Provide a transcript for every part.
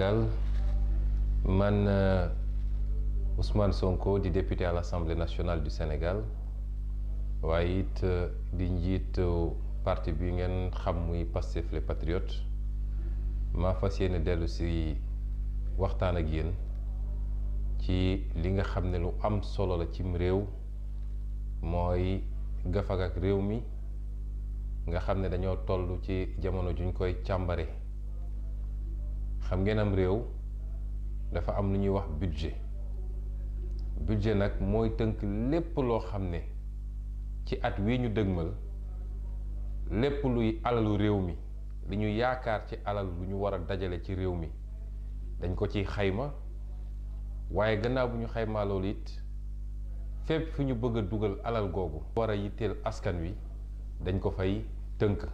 Sénégal man euh, Ousmane Sonko di député à l'Assemblée nationale du Sénégal waaye it euh, di njiit parti bi ngeen xam muy Pastef les Patriotes maa fas yéene dellu waxtaan ak yéen ci li nga xam ne lu am solo la cim réew mooy gafag ak réew mi nga xam ne dañoo toll ci jamono juñ koy càmbare xam ngeen am réew dafa am lu ñuy wax budget budget nag mooy tënk lépp loo xam ne ci at wi ñu dëgmal lépp luy alalu réew mi li ñu yaakaar ci alal lu ñu war a dajale ci réew mi dañ ko ci xayma waaye gannaaw bu ñu xaymaa loolu it fépp fi ñu bëgg a dugal alal googu war a yitteel askan wi dañ ko fay tënk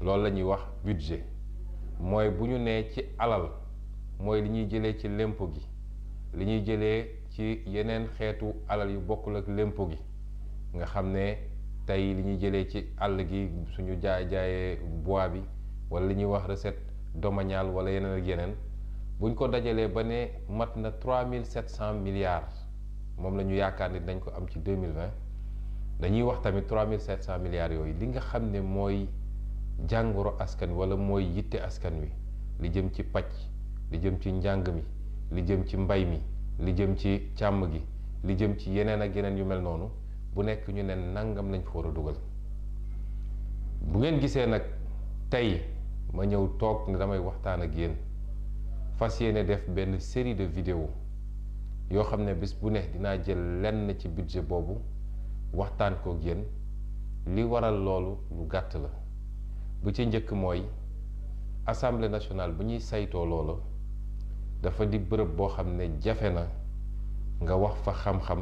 loolu la ñuy wax budget mooy bu ñu nee ci alal mooy li ñuy jëlee ci lempo gi li ñuy jëlee ci yeneen xeetu alal yu bokkul ak lempo gi nga xam ne tey li ñuy jëlee ci àll gi suñu jaay jaayee bois bi wala li ñuy wax recette domaniale wala yeneen ak yeneen buñ ko dajalee ba ne mat na trois mille sept cent milliards moom la ñu yaakaar ni dañ ko am ci deux mille dañuy wax tamit trois mille sept cent milliards yooyu li nga xam ne mooy. jàngoro askan wala mooy yitte askan wi li jëm ci pàcc li jëm ci njàng mi li jëm ci mbay mi li jëm ci càmm gi li jëm ci yeneen ak yeneen yu mel noonu bu nekk ñu ne nangam lañ fa war a dugal bu ngeen gisee nag tey ma ñëw toog ne damay waxtaan ak yéen fas yéene def benn série de vidéo yoo xam ne bés bu ne dinaa jël lenn ci budget boobu waxtaan kook yéen li waral loolu lu gàtt la bu ci njëkk mooy assemblée nationale bu ñuy saytoo loolu dafa di bërëb boo xam ne jafe na nga wax fa xam-xam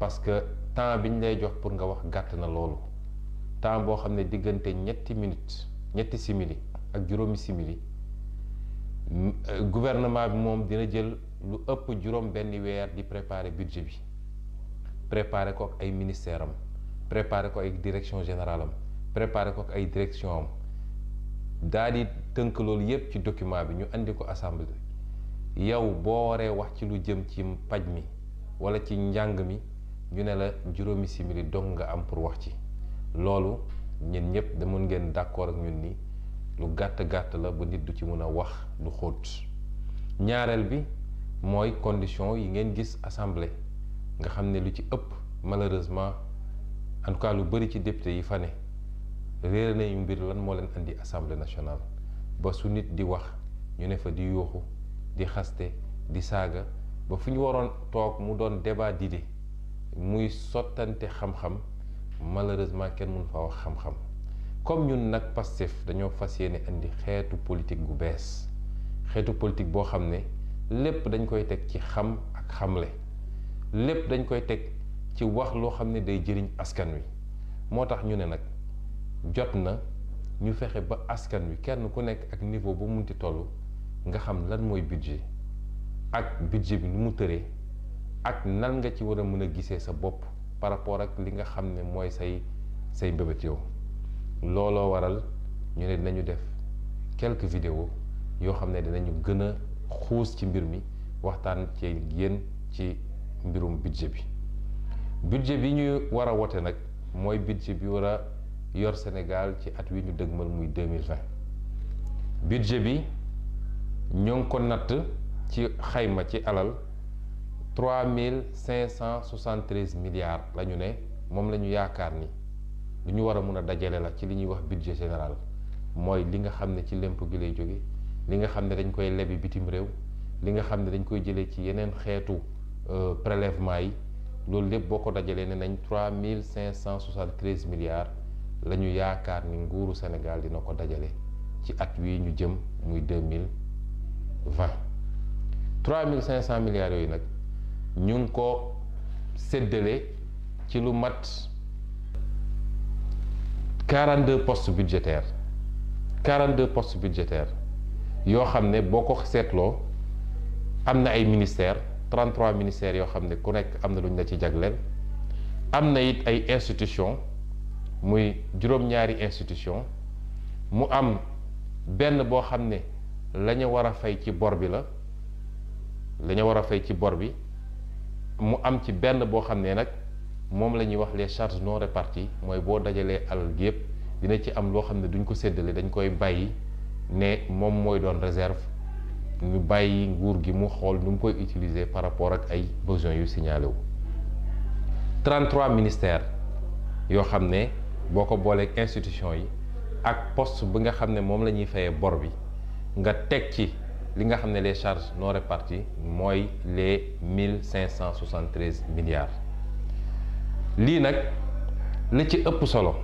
parce que temps bi ñu lay jox pour nga wax gàtt na loolu temps boo xam ne diggante ñetti minutes ñetti simili ak juróomi simili gouvernement bi moom dina jël lu ëpp juróom benn weer di préparer budget bi préparer ko ak ay ministère am préparer ko ay direction générale am préparé ko ay direction am daal di tënk loolu yépp ci document bi ñu indi ko assemblée yow boo waree wax ci lu jëm ci paj mi wala ci njàng mi ñu ne la juróomi simili dong nga am pour wax ci loolu ñun ñëpp damun ngeen d'accord ak ñun ni lu gàtt gàtt la ba nit du ci mën a wax lu xóot ñaareel bi mooy condition yi ngeen gis assemblée nga xam ne lu ci ëpp malheureusement en tout cas lu bari ci député yi fa ne réer nañu mbir lan moo leen indi assemblée nationale ba su nit di wax ñu ne fa di yuuxu di xaste di saaga ba fu ñu waroon toog mu doon débat d'idées muy sottante xam-xam malheureusement kenn mënu fa wax xam-xam comme ñun nag Pastef dañoo fas yéene indi xeetu politique gu bees xeetu politique boo xam ne lépp dañ koy teg ci xam ak xamle lépp dañ koy teg ci wax loo xam ne day jëriñ askan wi moo tax ñu ne nag jot na ñu fexe ba askan wi kenn ku nekk ak niveau ba munti toll nga xam lan mooy budget ak budget bi nu mu tëree ak nan nga ci war a mën a gisee sa bopp par rapport ak li nga xam ne mooy say say mbébét yow looloo waral ñu ne dinañu def quelques vidéos yoo xam ne dinañu gën a xuus ci mbir mi waxtaan ci yéen ci mbirum budget bi budget bi ñu war a wote nag mooy budget bi war yor Sénégal ci at wi ñu dëgmal muy deux mille vingt budget bi ñoo ngi ko natt ci xayma ci alal trois mille cinq cent soixante treize milliards la ñu ne moom la ñu yaakaar ni lu ñu war a mun a dajale la ci li ñuy wax budget général mooy li nga xam ne ci lémp gi lay jóge li nga xam ne dañ koy lebi bitim réew li nga xam ne dañ koy jëlee ci yeneen xeetu euh, prélèvement yi loolu lépp boo ko dajalee ne nañ trois mille cinq cent soixante treize milliards. la ñu yaakaar ni nguuru Sénégal dina ko dajale ci at wii ñu jëm muy deux mille vingt trois mille cinq cent milliards yooyu nag ñu ngi ko séddale ci lu mat quarant deux postes budgétaires quarante deux postes budgétaires yoo xam ne boo ko seetloo am na ay ministères trente trois ministères yoo xam ne ku nekk am na lu ñu la ci jagleel am na it ay institutions. muy juróom-ñaari institution mu am benn boo xam ne la ñu war a fay ci bor bi la la ñu war a fay ci bor bi mu am ci benn boo xam ne nag moom la ñuy wax les charges non réparties mooy boo dajalee alal gi yëpp dina ci am loo xam ne duñ ko séddale dañ koy bàyyi ne moom mooy doon reserve ñu bàyyi nguur gi mu xool nu mu koy utiliser par rapport ak ay besoins yu signalé wu 33 ministères yoo xam ne boo ko boolee institution yi ak poste bi nga xam ne moom la ñuy fayee bor bi nga teg ci li nga xam ne les charge non réparties mooy les mille cinq cent soixante treize milliards lii nag la ci ëpp solo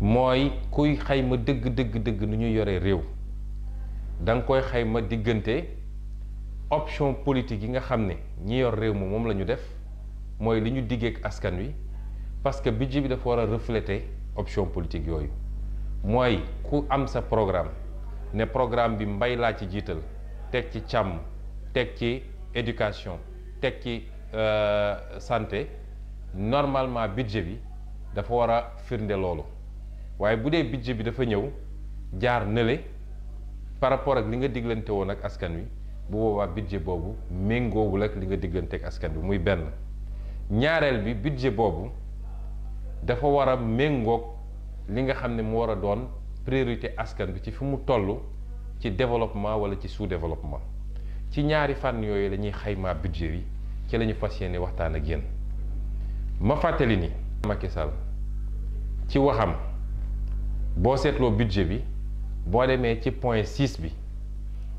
mooy kuy xayma dëgg dëgg dëgg nu ñu yore réew da nga koy xayma diggante option politique yi nga xam ne ñi yor réew mi moom la ñu def mooy li ñu diggeek askan wi parce que budget bi dafa war a refléter option politique yooyu mooy ku am sa programme ne programme bi mbay laa ci jiital teg ci càmm teg ci éducation teg ci euh, santé normalement budget bi dafa war a firnde loolu waaye bu dee budget bi dafa ñëw jaar nële par rapport ak li nga diglante woon ak askan wi bu boobaa budget boobu méngoowul ak li nga diglante ak askan bi muy benn ñaareel bi budget boobu dafa war a méngoog li nga xam ne mu war a doon priorité askan bi ci fi mu toll ci développement wala ci sous-développement ci ñaari fànn yooyu lañuy ñuy xaymaa budget bi ci la ñu fas yéene waxtaan ak yéen ma fàttali ni Macky Sall ci waxam boo seetloo budget bi boo demee ci point six bi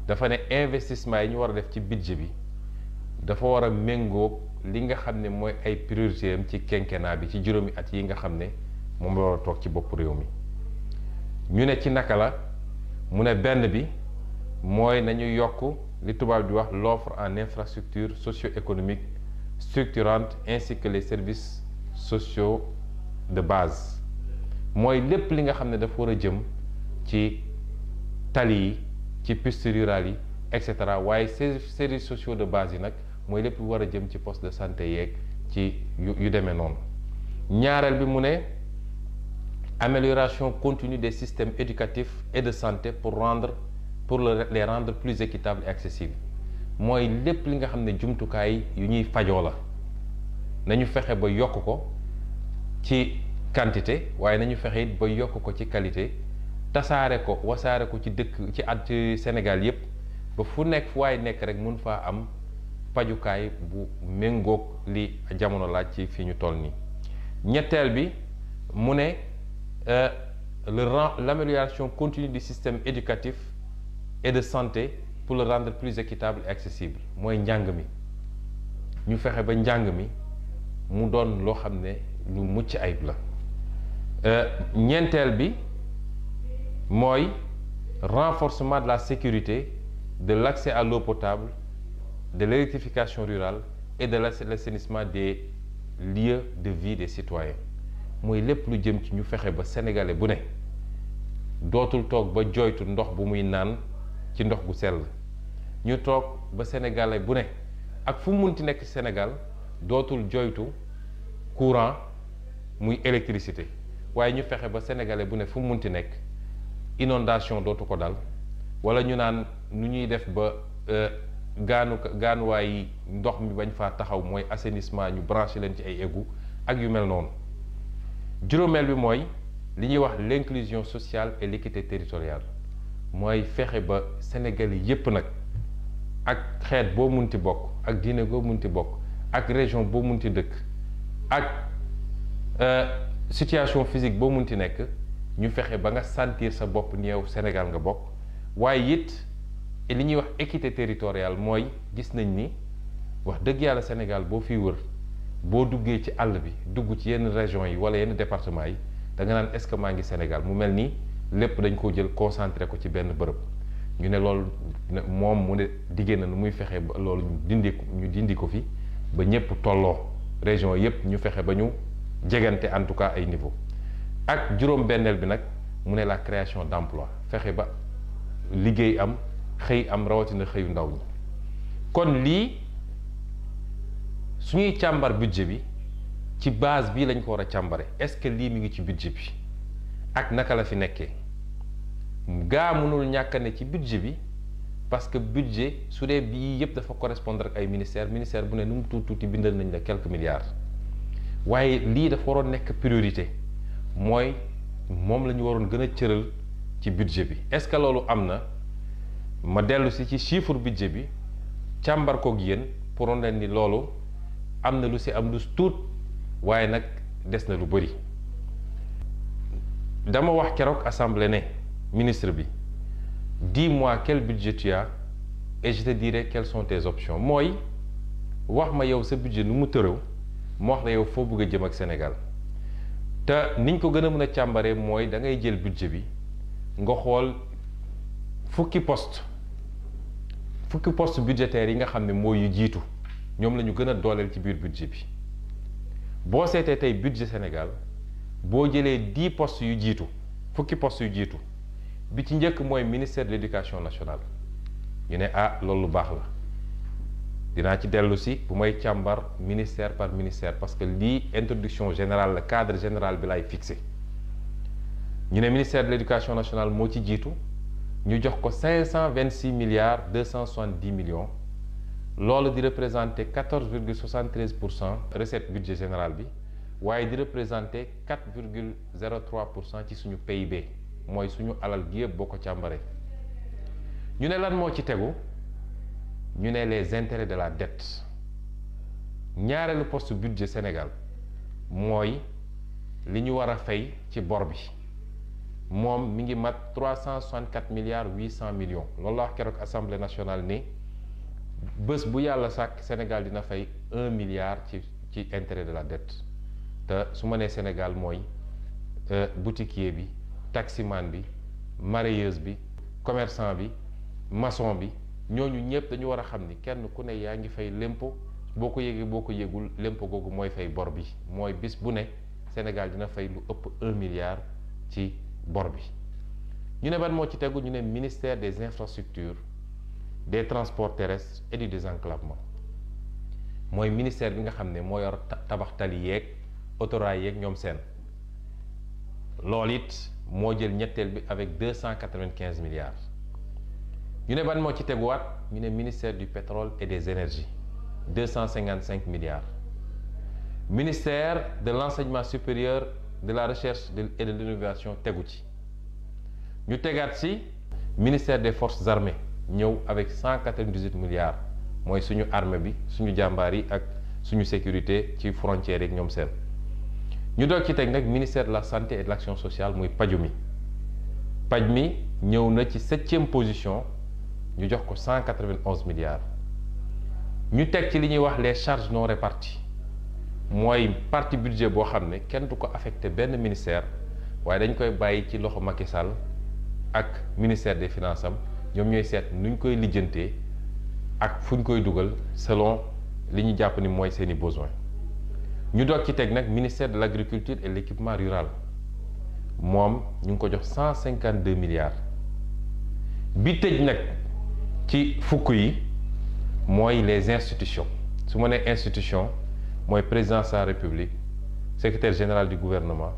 dafa ne investissement yi ñu war a def ci budget bi dafa war a méngoog li nga xam ne mooy ay priorité am ci quinquennat bi ci juróomi at yi nga xam ne moom la war a toog ci bopp réew mi ñu ne ci naka la mu ne benn bi mooy nañu yokk li tubaab bi wax l'offre en infrastructure socio-économique structurante ainsi que les services de base mooy lépp li nga xam ne dafa war a jëm ci tali yi ci piste rurale yi et cetera waaye services sociaux de base yi nag mooy lépp war a jëm ci poste de santé yeeg ci yu yu demee noonu ñaareel bi mu ne amélioration continue des systèmes éducatifs et de santé pour rendre pour les rendre plus équitables et accessibles mooy lépp li nga xam ne jumtukaay yu ñuy fajoo la nañu fexe ba yokk ko ci quantité waaye nañu fexe it ba yokk ko ci qualité tasaare ko wasaare ko ci dëkk ci at ci Sénégal yépp ba fu nekk fu waaye nekk rek mun faa am pajukaay bu méngoog li jamono laaj ci fi ñu toll nii ñetteel bi mu ne euh, le l' amélioration continue du système éducatif et de santé pour le rendre plus équitable et accessible mooy njàng mi ñu fexe ba njàng mi mu doon loo xam ne lu mucc ayib la euh, ñeenteel bi mooy renforcement de la sécurité de l' accès à l'eau potable de l'électrification rurale et de l'assainissement des lieux de vie des citoyens mooy lépp lu jëm ci ñu fexe ba sénégalais bu ne dootul toog ba jooytu ndox bu muy naan ci ndox gu sell ñu toog ba sénégalais bu ne ak fu mu munti nekk Sénégal dootul jooytu courant muy électricité waaye ñu fexe ba sénégalais bu ne fu mu munti nekk inondation dootu ko dal wala ñu naan nu ñuy def ba. Euh, gaanu gaanuwaay ndox mi bañ faa taxaw mooy assainissement ñu branché leen ci ay égout ak yu mel noonu juróomeel bi mooy li ñuy wax l'inclusion sociale et l'équité territoriale mooy fexe ba Sénégal yi yépp nag ak xeet boo mun ti bokk ak diine boo munti bokk ak région boo munti dëkk ak euh, situation fisique boo mun munti nekk ñu fexe ba nga sentir sa bopp ni Sénégal nga bokk waaye it li ñuy wax équité territorial mooy gis nañ ni wax dëgg yàlla Sénégal boo fi wër boo duggee ci àll bi dugg ci yenn régions yi wala yenn départements yi da nga naan est-ce que maa ngi Sénégal mu mel nii lépp dañ koo jël concentré ko ci benn bërëb ñu ne loolu moom mu ne diggée na nu muy fexe ba loolu ñu dindi ñu dindi ko fi ba ñëpp tolloo région yëpp ñu fexe ba ñu jegante en tout cas ay niveau ak juróom benneel bi nag mu ne la création d'emploi fexe ba liggéey am xëy am rawatina xëyu ndaw ñi kon lii su ñuy càmbar budget bi ci base bii lañ ko war a càmbare est-ce que lii mi ngi ci budget bi ak naka la fi nekkee gaa mënul ñàkk ne ci budget bi parce que budget su dee bii yëpp dafa correspondre ak ay ministère ministère bu ne nu mu tuuti tuuti bindal nañ la quelques milliards waaye lii dafa waroon nekk priorité mooy moom la ñu waroon gën a cëral ci budget bi est-ce que loolu am na ma dellu si ci chiffre budget bi càmbarkook koog yéen pour leen ni loolu am na lu si am lu tuut waaye nag des na lu bëri dama wax keroog assemblée ne ministre bi di mois quel budget tu as et je te dirai quelles mooy wax ma yow sa budget nu mu tërëw mu wax la yow foo bëgg a jëm ak Sénégal te niñ ko gën a mën a càmbaree mooy da ngay jël budget bi nga xool fukki post fukki post budgétaire yi nga xam ne mooy yu jiitu ñoom la ñu gën a dooleel ci biir budget bi boo seetee tey budget Sénégal boo jëlee dix post yu jiitu fukki postes yu jiitu bi ci njëkk mooy ministère de l'éducation nationale ñu ne ah loolu lu baax la dinaa ci dellusi si bu may càmbar ministère par ministère parce que lii introduction générale la cadre général bi lay fixé ñu ne ministère de l'éducation nationale moo ci jiitu ñu jox ko cinq cent vingt six milliards deux cent soixante dix millions loolu di représenter quatorze virgule soixante treize pour cent recette budget général bi waaye di représenter quatre virgule zéro trois pour cent ci suñu PIB mooy suñu alal gi yëpp boo ko càmbaree ñu ne lan moo ci tegu ñu ne les intérêts de la dette ñaareelu poste budget Sénégal mooy li ñu war a fay ci bor bi. moom mi ngi mat trois cent soixante quatre milliards huit cent millions loolu la wax keroog assemblée nationale ni bés bu yàlla sàkk Sénégal dina fay un milliard ci ci intérêt de la dette te su ma nee Sénégal mooy euh, boutiquier bi taximan bi marayeuse bi commerçant bi maçon bi ñooñu ñëpp dañu war a xam ni kenn ku ne yaa ngi fay lémpo boo ko yégee boo ko yégul lémpo googu mooy fay bor bi mooy bis bu ne Sénégal dina fay lu ëpp un milliard ci. bor bi ñu ne ban moo ci tegu ñu ne ministère des infrastructures des transport terrestres et du désenclavement mooy ministère bi nga xam ne moo yor tabax tali yeeg autorail yeeg ñoom seen lool it moo jël ñetteel bi avec deux cent quatre-vingt-quinze milliards ñu ne ban moo ci teguwaat ñu ne ministère du pétrole et des énergies deux cent cinquante-cinq milliards ministère de l'enseignement supérieur de la recherche et de l'innovation tegu ci ñu tegaat ci ministère des forces armées ñëw avec cent quatre vingt dix milliards mooy suñu armée bi suñu jàmbaar yi ak suñu sécurité ci frontières yi ñoom seen ñu doog ci teg nag ministère de la santé et de l'action sociale muy paju mi paj mi ñëw na ci septième position ñu jox ko cent quatre-vingt-onze milliards ñu teg ci li ñuy wax les charges non réparties mooy parti budget boo xam ne kenn du ko affecté benn ministère waaye dañ koy bàyyi ci loxo Macky Sall ak ministère des finances am ñoom ñooy seet nuñ koy lijjantee ak fuñ koy dugal selon li ñu jàpp ni mooy seeni besoin ñu doog ci teg nag ministère de l' agriculture et l' équipement rural moom ñu ngi ko jox cent cinquante deux milliards bi tëj nag ci fukk yi mooy les institutions su ma nee institution mooy président de la république secrétaire général du gouvernement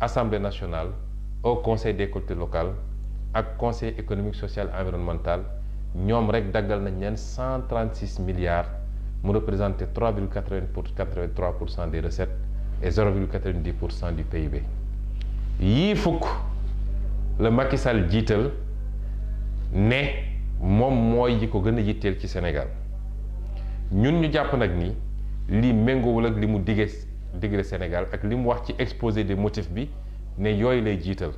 assemblée nationale au conseil des collectivités locale ak conseil économique social environnemental ñoom rek daggal nañ leen cent trente six milliards mu représenté trois virgule quatre vingt pour quatre vingt trois pour cent des recettes et zéro virgule quatre vingt pour cent du PIB yii fukk la Macky Sall jiital ne moom mooy yi ko gën a yitteel ci Sénégal ñun ñu jàpp nag nii lii méngoowul ak li mu dige digle Sénégal ak li mu wax ci exposé des motifs bi ne yooyu lay jiital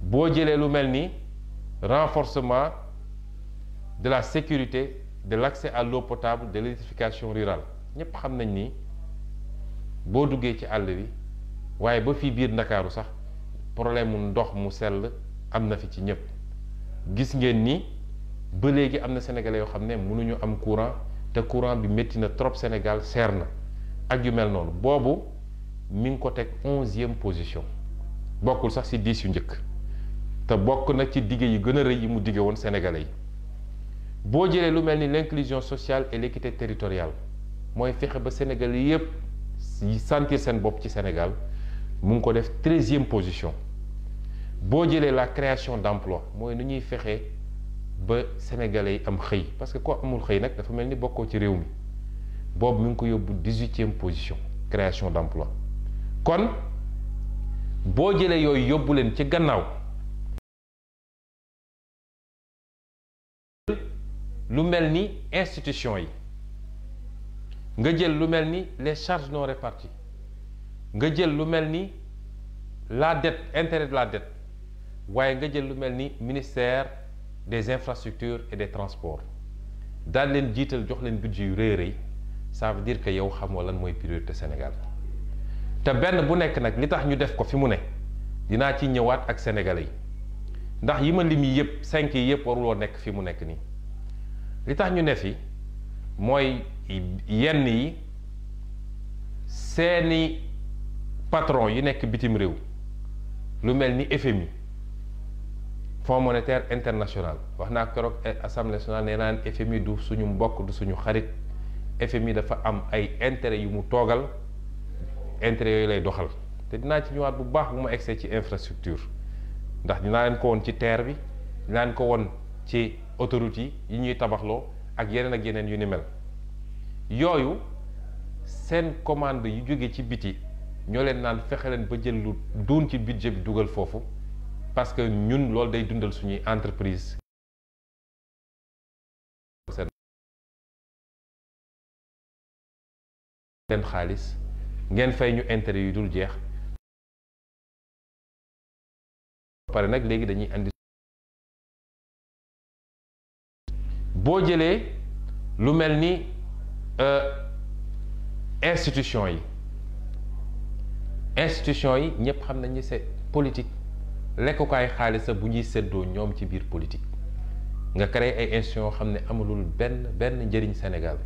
boo jëlee lu mel ni renforcement de la sécurité de l'accès à l'eau potable de l'électrification rurale ñëpp xam nañ ni boo duggee ci àll bi waaye ba fii biir Ndakaaru sax problème mu ndox mu sell am na fi ci ñëpp gis ngeen ni ba léegi am na sénégalais yoo xam ne mënuñu am courant te courant bi métti na trop Sénégal seer na ak yu mel noonu boobu mi ngi ko teg onzième position bokkul sax ci dix yu njëkk te bokk na ci digge yi gën a rëy yi mu digge woon sénégalais yi boo jëlee lu mel ni l'inclusion sociale et l'équité territoriale mooy fexe ba sénégalais yépp sentir seen bopp ci Sénégal mu ngi ko def treizième position boo jëlee la création d'emploi mooy nu ñuy fexe. ba sénégalais yi am xëy parce que koo amul xëy nag dafa mel ni bokkoo ci réew mi boobu mu ngi ko yóbbu dix-huitième position création d'emploi kon boo jëlee yooyu yóbbu leen ci gannaaw lu mel ni institution yi nga jël lu mel ni les charges non réparties nga jël lu mel ni la dette intérêt de la dette waaye nga jël lu mel ni ministère des infrastructures et des transports daal leen jiital jox leen budget yu rëy rëy ça veut dire que yow xamoo lan mooy priorité Sénégal te benn bu nekk nag li tax ñu def ko fi mu ne dinaa ci ñëwaat ak sénégal yi ndax yi ma lim yi yëpp cinq yi yëpp waruloo nekk fi mu nekk nii li tax ñu ne fi mooy yenn yi seeni patron yi nekk bitim réew lu mel ni FMI fonds monétaire international wax naa keroog eh, assemblée nationale nee naa ne FMI du suñu mbokk du suñu xarit FMI dafa am ay intérêt yu mu toogal intérêt yooyu lay doxal te dinaa ci ñëwaat bu baax bu ma egsee ci infrastructure ndax dinaa leen ko woon ci terre bi dinaa leen ko woon ci autorité yi ñuy tabaxloo ak yeneen ak yeneen yu ni mel yooyu seen commande yu jóge ci biti ñoo leen naan fexe leen ba jël lu duun ci budget dugal foofu parce que ñun loolu day dundal suñuy entreprise seen xaalis ngeen fay ñu intérêt yu dul jeex pare nag léegi dañuy andi boo jëlee lu mel ni euh, institution yi institution yi ñëpp xam nañu c'est politique lekkukaay xaalis bu ñuy séddoo ñoom ci biir politique nga créé ay institutions yoo xam ne amalul benn benn njëriñ Sénégal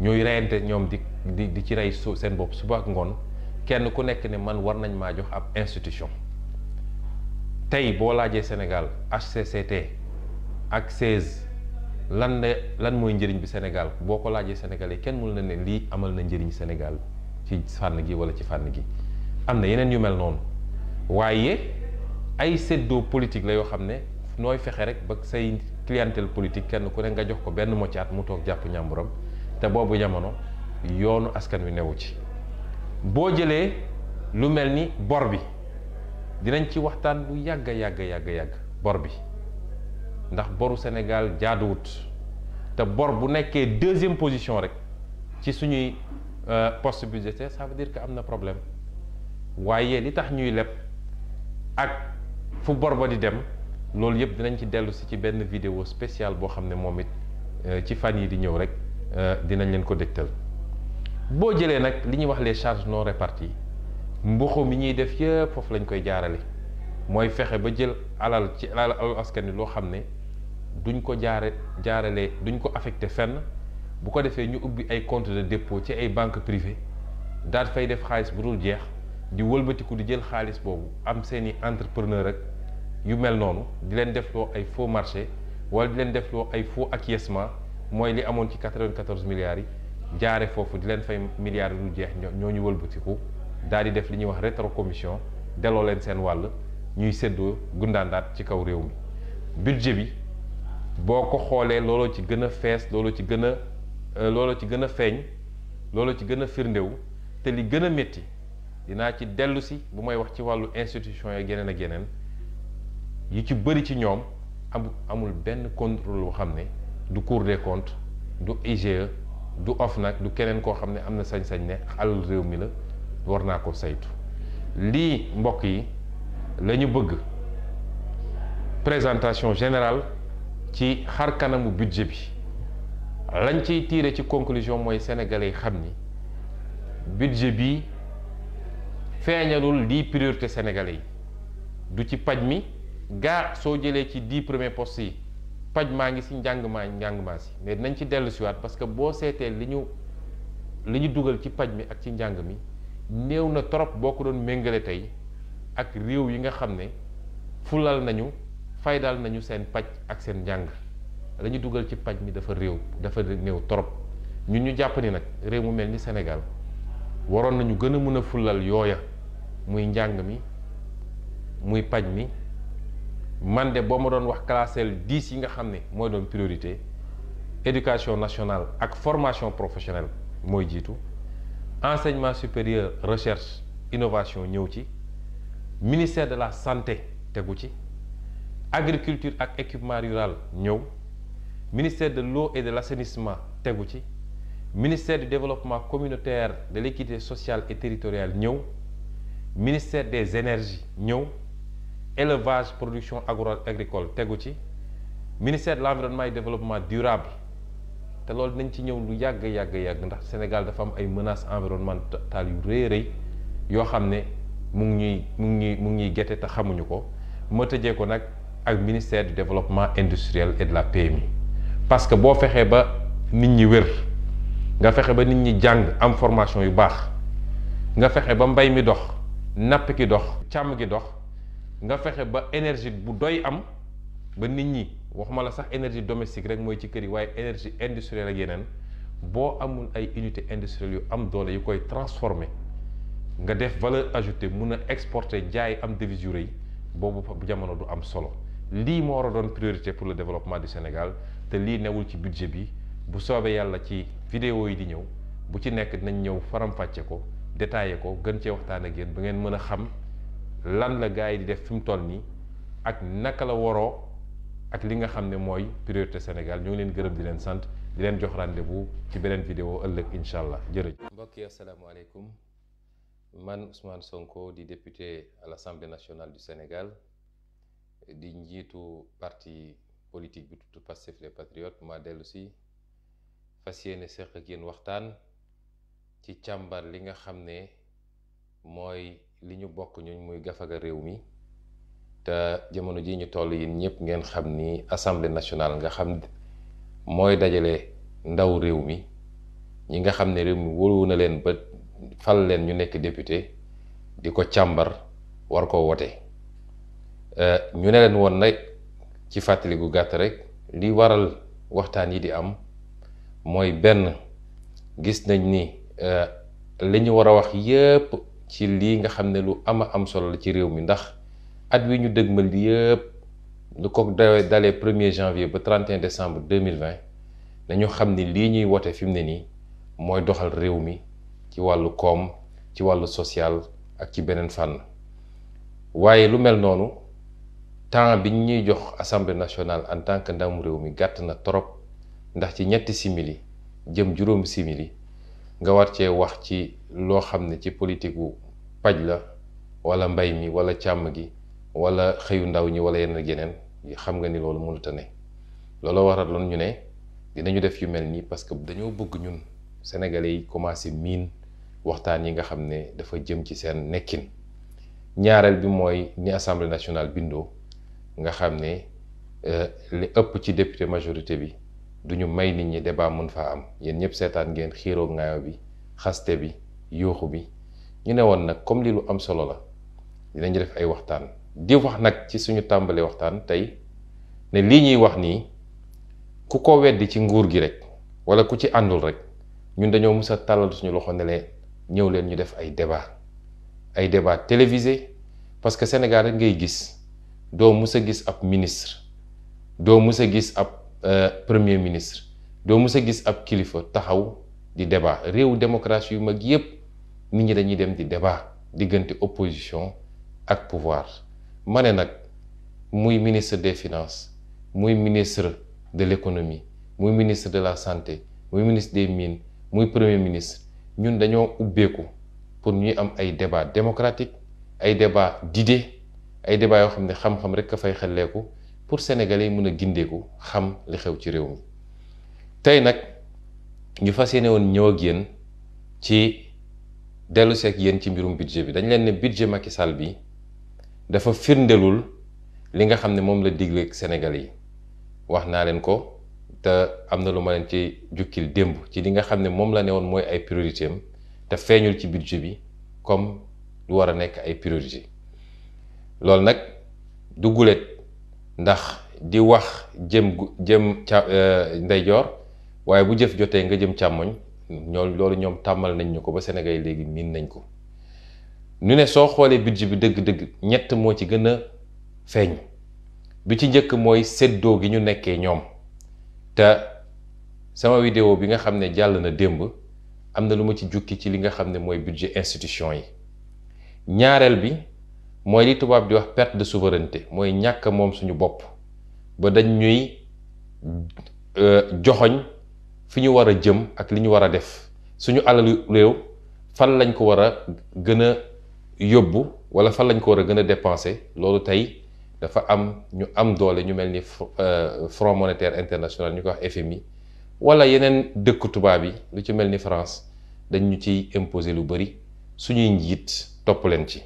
ñooy reyante ñoom di di di ci rey su seen bopp suba ak ngoon kenn ku nekk ne man war nañ maa jox ab institution tey boo laajee Sénégal HCCT ak 16 lan la lan mooy njëriñ bi Sénégal boo ko laajee sénégalais kenn mënul na ne lii amal na njëriñ Sénégal ci fànn gi walla ci fànn gi am na yeneen yu mel noonu waaye. ay séddoo politique la yoo xam ne nooy fexe rek ba say clientèle politique kenn ku rek nga jox ko benn moccaat mu toog jàpp ñàmburam te boobu jamono yoonu askan wi newu ci boo jëlee lu mel ni bor bi dinañ ci waxtaan bu yàgg yàgg yàgg yàgg bor bi ndax boru Sénégal jaaduwut te bor bu nekkee deuxième position rek ci suñuy euh, poste budgétaire ça veut dire que am na problème waaye li tax ñuy leb ak fu bor ba di dem loolu yëpp dinañ ci dellu ci benn vidéo spéciale boo xam ne moom it euh, ci fan yi di ñëw rek euh, dinañ leen ko dégtal boo jëlee nag li ñuy wax les charges non réparties mbuxum yi ñuy def yëpp foofu lañ koy jaarale mooy fexe ba jël alal ci alal askani loo xam ne duñ ko jaare jaarale duñ ko affecté fenn bu ko defee ñu ubbi ay compte de dépôt ci ay banque privée daal fay def xaalis bu dul jeex di wëlbatiku di jël xaalis boobu am seeni entrepreneur ak yu mel noonu di leen def defloo ay faux marché wala di leen def defloo ay faux acquiescement mooy li amoon ci 94 milliards yi jaare foofu di leen fay milliards yu jeex ñoo ñu wëlbatiku daal di def li ñuy wax rétrocommission delloo leen seen wàll ñuy séddoo gundaandaat ci kaw réew mi budget bi boo ko xoolee looloo ci gën a fees looloo ci gën a euh, looloo ci gën a feeñ looloo ci gën a firndéwu te li gën a métti dinaa ci dellusi bu may wax ci wàllu institution ya geneen a geneen yi ci bëri ci ñoom amul benn contrôle boo xam ne du cour des comptes du IGE du nag du keneen koo xam ne am na sañ-sañ ne alal réew mi la war naa ko saytu lii mbokk yi la ñu bëgg présentation général ci xar kanamu budget bi lañ ciy tiire ci conclusion mooy sénégalais yi xam ni budget bi feeñalul lii priorité sénégalais yi du ci paj mi gaa soo jëlee ci dix premiers postes yi paj maa ngi si njàng maa njàng maa si mais dinañ ci dellu siwaat parce que boo seetee li ñu li ñu dugal ci paj mi ak ci njàng mi néew na trop boo ko doon méngale tey ak réew yi nga xam ne fulal nañu faydal nañu seen paj ak seen njàng la ñu dugal ci paj mi dafa réew dafa néew trop ñu ñu jàpp ni nag réew mu mel ni senegal waroon nañu gën a mën a fulal yooya muy njàng mi muy paj mi man de boo ma doon wax classel dix yi nga xam ne mooy doon priorité éducation nationale ak formation professionnelle mooy jiitu enseignement supérieur recherche innovation ñëw ci ministère de la santé tegu ci agriculture ak équipement rural ñëw ministère de l'eau et de l'assainissement tegu ci ministère du développement communautaire de l'équité sociale et territoriale ñëw ministère des énergies ñëw élevage production agro-agricole tegu ci ministère de l'environnement et développement durable te loolu dinañ ci ñëw lu yàgg yàgg yàgg ndax Sénégal dafa am ay menaces environnementales yu rëy rëy yoo xam ne mu ngi ñuy mu ngi ñuy mu ngi ñuy gete te xamuñu ko ma tëjee ko nag ak ministère du développement industriel et de la PMI parce que boo fexee ba nit ñi wér nga fexe ba nit ñi jàng am formation yu baax nga fexe ba mbay mi dox napp ki dox càmm gi dox. nga fexe ba énergie bu doy am ba nit ñi wax ma la sax énergie domestique rek mooy ci kër yi waaye énergie industrielle ak yeneen boo amul ay unité industrielle yu am doole yu koy transformer nga def valeur ajoutée mun a exporter jaay am devise yu rëy boobu jamono du am solo lii moo war a doon priorité pour le développement du Sénégal te lii newul ci budget bi bu soobee yàlla ci vidéo yi di ñëw bu ci nekk dinañ ñëw faram ko détaillé ko gën cee waxtaan ak yéen ba ngeen mën a xam lan la gars yi di def fi mu toll nii ak naka la waroo ak li nga xam ne mooy priorité Sénégal ñu leen gërëm di leen sant di leen jox rendez-vous ci beneen vidéo ëllëg incha allah jërëjëf. mbokk yi asalaamaaleykum man Ousmane Sonko di député à l'Assemblée nationale du Sénégal di njiitu parti politique bi tudd Pastef les Patriotes ma dellu si fas yéene seq ak yéen waxtaan ci càmbar li nga xam ne mooy. li ñu bokk ñun muy gafaga réew mi te jamono ji ñu toll yi ñëpp ngeen xam ni assemblée nationale nga xam mooy dajale ndaw réew mi ñi nga xam ne réew mi wóolu na leen ba fal leen ñu nekk député di ko càmbar war ko wote euh, ñu ne leen woon nag ci fàttali gàtt rek li waral waxtaan yi di am mooy benn gis nañ ni euh, li ñu war a wax yépp ci lii nga xam ne lu ama am solo la ci réew mi ndax at wi ñu dëgmal li yëpp lu ko dalee premier janvier ba 31 décembre 2020 nañu xam ni lii ñuy woote fi mu ne nii mooy doxal réew mi ci wàllu koom ci wàllu social ak ci beneen fànn waaye lu mel noonu temps bi ñuy jox assemblée nationale en tant que ndamu réew mi gàtt na trop ndax ci ñetti simili jëm juróomi simili nga war cee wax ci loo xam ne ci politique paj la wala mbay mi wala càmm gi wala xëyu ndaw ñi wala yenn yeneen xam nga ni loolu mënut a ne looloo waral loon ñu ne dinañu def yu mel nii parce que dañoo bëgg ñun sénégalais yi commencé miin waxtaan yi nga xam ne dafa jëm ci seen nekkin ñaareel bi mooy ni assemblée nationale bindoo nga xam ne euh, li ëpp ci député majorité bi duñu may nit ñi débat mën faa am yéen ñëpp seetaan ngeen xiiroo ngaayo bi xaste bi yuuxu bi ñu ne woon nag comme lii lu am solo la dinañu def ay waxtaan di wax nag ci suñu tàmbali waxtaan tey ne lii ñuy wax nii ku ko weddi ci nguur gi rek wala ku ci àndul rek ñun dañoo mus a tàllal suñu loxo ne ñëw leen ñu def ay débat ay débat télévisé parce que Sénégal rek ngay gis doo mus a gis ab ministre doo mus a gis ab euh, premier ministre doo mus a gis ab kilifa taxaw di débat réew démocratie yu mag yépp nit ñi dañuy dem di débat diggante opposition ak pouvoir ma ne nag muy ministre des finances muy ministre de l'économie muy ministre de la santé muy ministre des miine muy premier ministre ñun dañoo ubbeeku pour ñuy am ay débat démocratique ay débat d'idées ay débat yoo xam ne xam-xam rek a fay xelleeku pour sénégalais yi mën a gindeeku xam li xew ci réew mi tey nag ñu fas yéene woon ñëw ci dellu seeg yéen ci mbirum budget bi dañ leen ne budget Macky Sall bi dafa firndelul li nga xam ne moom la digleeg Sénégal yi wax naa leen ko te am na lu ma leen ci jukkil démb ci li nga xam ne moom la ne woon mooy ay priorité te feeñul ci budget bi comme lu war a nekk ay priorité loolu nag du guléet ndax di wax jëm jëm ca euh, ndeyjoor waaye bu jëf jotee nga jëm càmmoñ ñoo loolu ñoom tàmmal nañ ñu ko ba Sénégal léegi miin nañ ko ñu ne soo xoolee budget bi dëgg-dëgg ñett moo ci gën a feeñ bi ci njëkk mooy séddoo gi ñu nekkee ñoom te sama vidéo bi nga xam ne jàll na démb am na lu ma ci jukki ci li nga xam ne mooy budget institution yi ñaareel bi mooy li tubaab di wax perte de souveraineté mooy ñàkk moom suñu bopp ba dañ ñuy euh, joxoñ fi ñu war a jëm ak li ñu war a def suñu alal réew fan lañ ko war a gën a yóbbu wala fan lañ ko war a gën a dépenser loolu tey dafa am ñu am doole ñu mel ni Fonds euh, monétaire international ñu ko wax FMI wala yeneen dëkk tubaab yi lu ci mel ni France dañ ciy imposer lu bëri suñuy njiit topp leen ci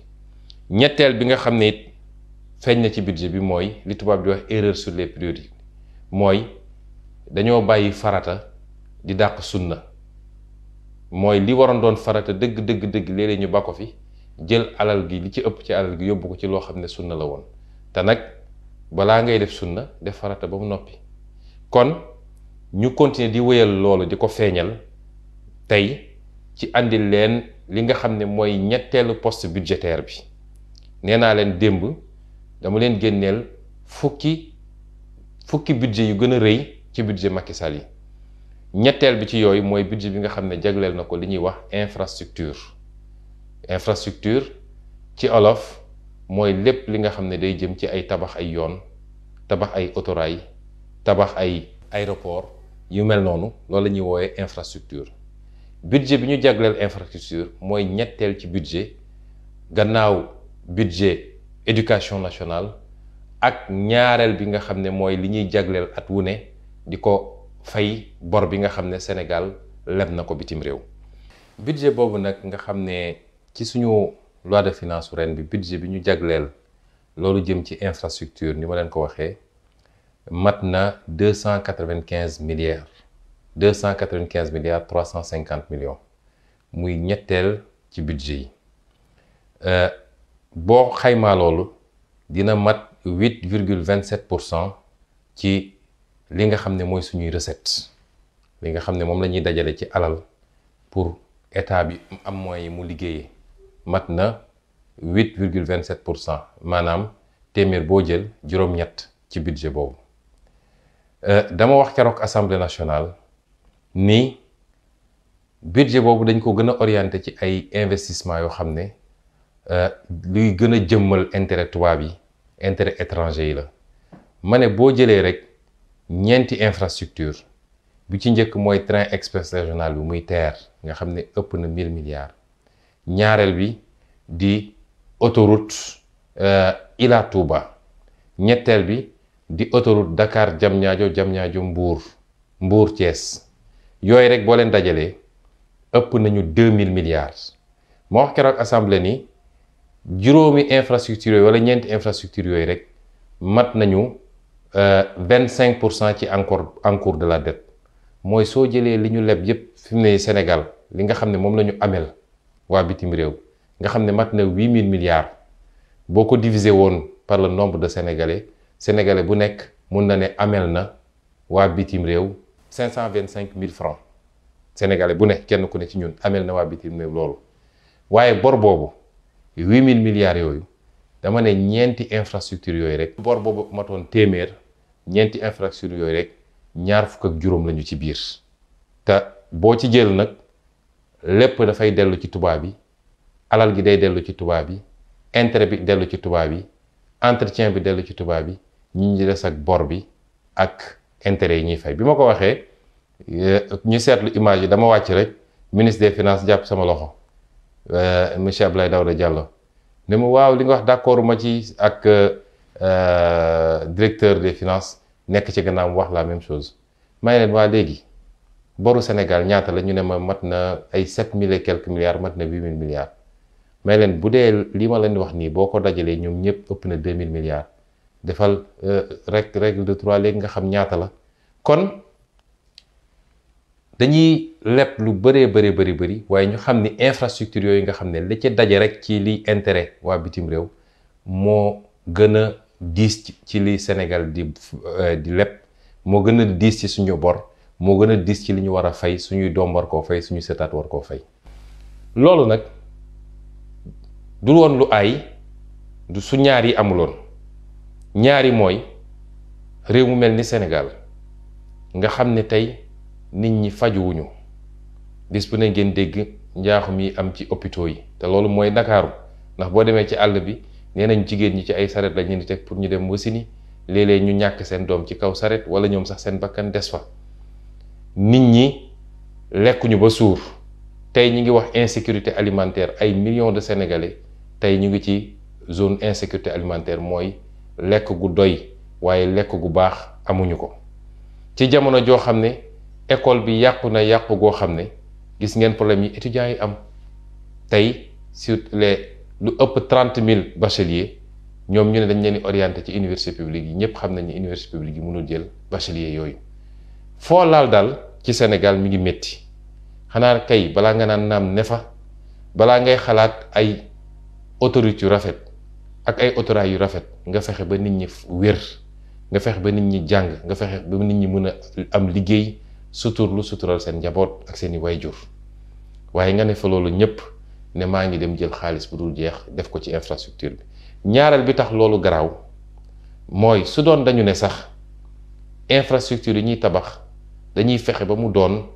ñetteel bi nga xam ne it feeñ na ci budget bi mooy li tubaab bi wax erreur sur les priorités mooy dañoo bàyyi farata di dàq sunna mooy li waroon doon farata dëgg dëgg dëgg léeg-léeg ñu bàkko fi jël alal gi li ci ëpp ci alal gi yóbbu ko ci loo xam ne sunna la woon te nag balaa ngay def sunna def farata ba mu noppi kon ñu continuer di wéyal loolu di ko feeñal tey ci indi leen li nga xam ne mooy ñetteelu poste budgétaire bi nee naa leen démb dama leen génneel fukki fukki budget yu gën a rëy ci budget Macky yi ñetteel bi ci yooyu mooy budget bi nga xam ne jagleel na ko li ñuy wax infrastructure infrastructure ci olof mooy lépp li nga xam ne day jëm ci ay tabax ay yoon tabax ay autorail tabax ay aéroport yu mel noonu loolu la ñuy woowee infrastructure budget bi ñu jagleel infrastructure mooy ñetteel ci budget gannaaw budget éducation nationale ak ñaareel bi nga xam ne mooy li ñuy jagleel at wu ne di ko fay bor bi nga xam ne Sénégal leb na ko bitim réew budget boobu nag nga xam ne ci suñu loi de finance ren bi budget bi ñu jagleel loolu jëm ci infrastructure ni ma leen ko waxee mat na deux cent quatre-vingt-quinze milliards deux cent quatre-vingt-quinze milliards trois cent cinquante millions muy ñetteel ci budget yi euh, boo xaymaa loolu dina mat huit virgule vingt-sept pour cent ci li nga xam ne mooy suñuy recette li nga xam ne moom la ñuy dajale ci alal pour état bi am moyen mu liggéeyee mat na huit virgule vingt sept pour cent maanaam téeméer boo jël juróom-ñett ci budget boobu euh, dama wax keroog assemblée nationale ni budget boobu dañ ko gën a orienté ci ay investissement yoo xam ne euh, luy gën a jëmmal intérêt tubaab yi intérêt étranger yi la ma ne boo jëlee rek. ñeenti infrastructure bu ci njëkk mooy train express régional bi muy TER nga xam ne ëpp na 1000 milliards ñaareel bi di autoroute euh, Ila Touba ñetteel bi di autoroute Dakar Diamniadio Diamniadio Mbour Mbour Thiès yooyu rek boo leen dajalee ëpp nañu 2000 milliards moo wax keroog assemblée ni juróomi infrastructure yooyu wala ñeenti infrastructure yooyu rek mat nañu. Euh, vingt cinq pour cent ci encore encours de la dette mooy soo jëlee li ñu leb yépp fi mu ne Sénégal li nga xam ne moom la ñu amel waa bitim réew nga xam ne mat na huit mille milliards boo ko diviser woon par le nombre de sénégalais sénégalais bu nekk mun na ne amel na waa bitim réew cinq cent vingt cinq mille francs sénégalais bu nekk kenn ku ne ci ñun amel na waa bitim réew loolu waaye bor boobu huit mille milliards yooyu. dama ne ñeenti infrastructure yooyu rek bor boobu matoon téeméer ñeenti infrastructure yooyu rek ñaar fukk ak juróom lañu ci biir te boo ci jël nag lépp dafay dellu ci tubaab bi alal gi day dellu ci tubaab yi intérêt bi dellu ci tubaab yi entretien bi dellu ci tubaab bi ñu ñi des ak bor bi ak intérêt yi ñuy fay bi ma ko waxee eh, ñu seetlu image yi dama wàcc rek ministre des finances jàpp sama loxo eh, lay daw Daouda Diallo ne ma waaw li nga wax d'accord ma ci ak euh, euh, directeur des finance nekk ci gannaaw wax la même chose may leen waa léegi boru Sénégal ñaata la ñu ne ma mat na ay sept mille et quelques milliards mat na huit mille milliards may leen bu dee lii ma leen wax nii boo ko dajalee ñoom ñëpp ëpp na deux mille milliards defal euh, rek règle de trois léegi nga xam ñaata la kon dañuy leb lu bëree bëri bëri bëri waaye ñu xam ni infrastructure yooyu nga xam ne li ca daje rek ci liy intérêt waa bitim réew moo gën a diis ci li Sénégal di euh, di leb moo gën a diis ci suñu bor moo gën a diis ci li ñu war a fay suñuy doom war koo fay suñu setaat war koo fay loolu nag du woon lu ay du su ñaar yi amuloon ñaari mooy réew mu mel ni Sénégal nga xam ne tey nit ñi fajuwuñu bis bu ne ngeen dégg njaaxum yi am ci hôpitaux yi te loolu mooy ndakaaru ndax boo demee ci àll bi nee jigéen ñi ci ay saret lañ leen di teg pour ñu dem wasini léeg-léeg ñu ñàkk seen doom ci kaw saret wala ñoom sax seen bakkan des fa nit ñi lekkuñu ba suur tey ñi ngi wax insécurité alimentaire ay million de sénégalais tey ñu ngi ci zone insécurité alimentaire mooy lekk gu doy waaye lekk gu baax amuñu ko ci jamono joo xam ne école bi yàqu na yàqu goo xam ne gis ngeen problème yi étudiants yi am tey sur les lu ëpp trente mille bachelier ñoom ñu ne dañ leen di orienté ci université publique yi ñëpp xam nañ ne université publique yi mënul jël bacheliers yooyu foo laal daal ci Sénégal mi ngi métti xanaa kay balaa nga naan naam ne fa balaa ngay xalaat ay autoroutes yu rafet ak ay autorail yu rafet nga fexe ba nit ñi wér nga fexe ba nit ñi jàng nga fexe ba nit ñi mën a am liggéey lu sutural seen njaboot ak seen way wayjur waaye nga ne fa loolu ñëpp ne maa ngi dem jël xaalis bu dul jeex def ko ci infrastructure bi ñaareel bi tax loolu garaaw mooy su doon dañu ne sax infrastructure yi ñuy tabax dañuy fexe ba mu doon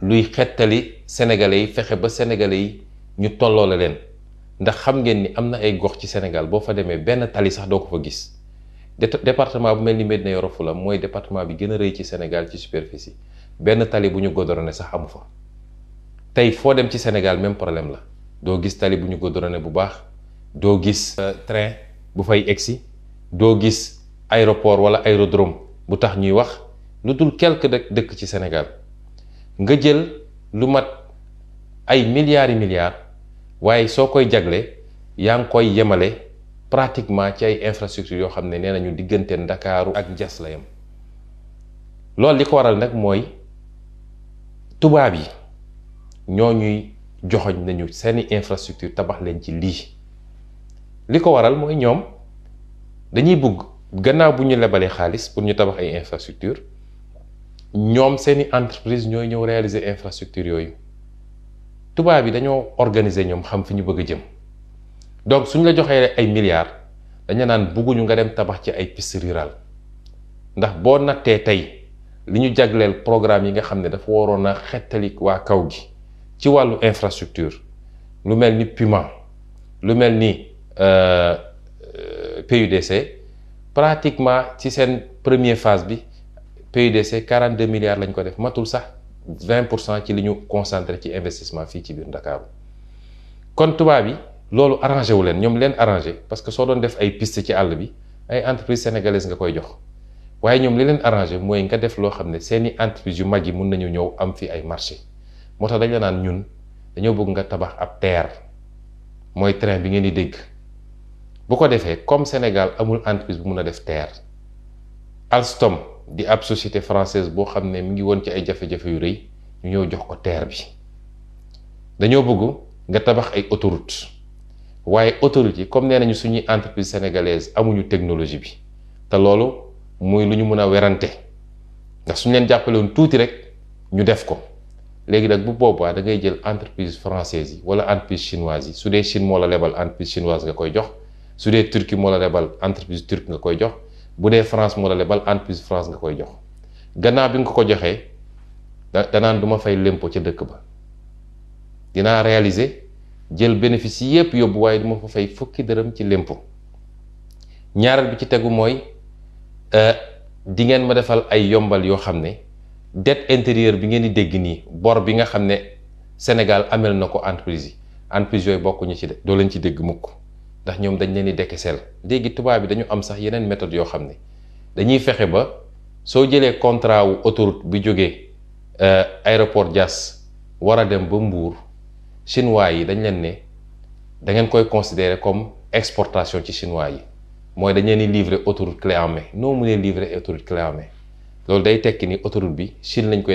luy xettali sénégalais yi fexe ba sénégalais yi ñu tolloole leen ndax xam ngeen ni am na ay gox ci Sénégal boo fa demee benn tali sax doo ko fa gis département bu mel ni na Yoro Foulah mooy département bi gën a rëy ci senegal ci superficie benn tali bu ñu goudronné sax amu fa tey foo dem ci Sénégal même problème la doo gis tali bu ñu goudronné bu baax doo gis euh, train bu fay egsi doo gis aéroport wala aérodrome bu tax ñuy wax lu dul quelque dëkk ci Sénégal nga jël lu mat ay milliards yi milliards waaye soo koy jagle yaa ngi koy yemale pratiquement ci ay infrastructure yoo xam ne nee nañu diggante ndakaaru ak Diass la loolu li ko waral nag mooy tubaab yi ñoo ñuy joxoñ nañu seeni infrastructure tabax leen ci lii li ko waral mooy ñoom dañuy bugg gannaaw bu ñu lebalee xaalis pour ñu tabax ay infrastructure ñoom seeni entreprise ñooy ñëw réaliser infrastructure yooyu tubaab yi dañoo organiser ñoom xam fi ñu bëgg a jëm donc suñ la joxee ay milliards dañu naan bugguñu nga dem tabax ci ay piste rurale ndax boo nattee tey li ñu jagleel programme yi nga xam ne dafa waroon a xettali waa kaw gi ci wàllu infrastructure lu mel ni Puma lu mel ni euh, PUDC pratiquement ci seen premier phase bi PUDC 42 milliards lañ ko def matul sax 20 pour cent ci li ñu concentré ci investissement fii ci biir Ndakaaru kon tubaab yi loolu arrangé wu leen ñoom leen arrangé parce que soo doon def ay piste ci àll bi ay entreprise sénégalaise nga koy jox waaye ñoom li leen arrangé mooy nga def loo xam ne seeni entreprise yu mag yi mun nañu ñëw am fi ay marché moo tax dañ la naan ñun dañoo bëgg nga tabax ab terre mooy train bi ngeen di dégg bu ko defee comme Sénégal amul entreprise mun a def terre Alstom di ab société française boo xam ne mi ngi woon ci ay jafe yu rëy ñu ñëw jox ko bi dañoo bëgg nga tabax ay autoroute waaye autorités comme nee nañu suñuy entreprise sénégalaise amuñu technologie bi te loolu muy lu ñu mën a werante ndax suñu leen jàppalewoon tuuti rek ñu def ko léegi nag bu boobaa da ngay jël entreprise française yi wala entreprise chinoise yi su dee Chine moo la lebal entreprise chinoise nga koy jox su dee Turquie moo la lebal entreprise turque nga koy jox bu dee France moo la lebal entreprise France nga koy jox gannaaw bi nga ko joxee da danaan duma ma fay lempo ca dëkk ba dinaa réaliser jël bénéfice yi yépp yóbbu waaye du ma fa fay fukki dërëm ci lémpo ñaaral bi ci tegu mooy euh, di ngeen ma defal ay yombal yoo xam ne dette intérieure bi ngeen di dégg nii bor bi nga xam ne Sénégal ameel na ko entreprise yi entreprise yooyu bokkuñu ci de doo leen ci dégg mukk ndax ñoom dañ leen di dekeseel léegi tubaab bi dañu am sax yeneen méthode yoo xam ne dañuy fexe ba soo jëlee contrat wu autoroute bi jógee euh, aéroport Diass war a dem ba mbuur chinois yi dañ leen ne da ngeen koy considérer comme exportation ci chinois yi mooy dañ leen di livrer autoroute clé en main noo mënee livrer autoroute clé en main loolu day tekki ni autoroute bi Chine lañ koy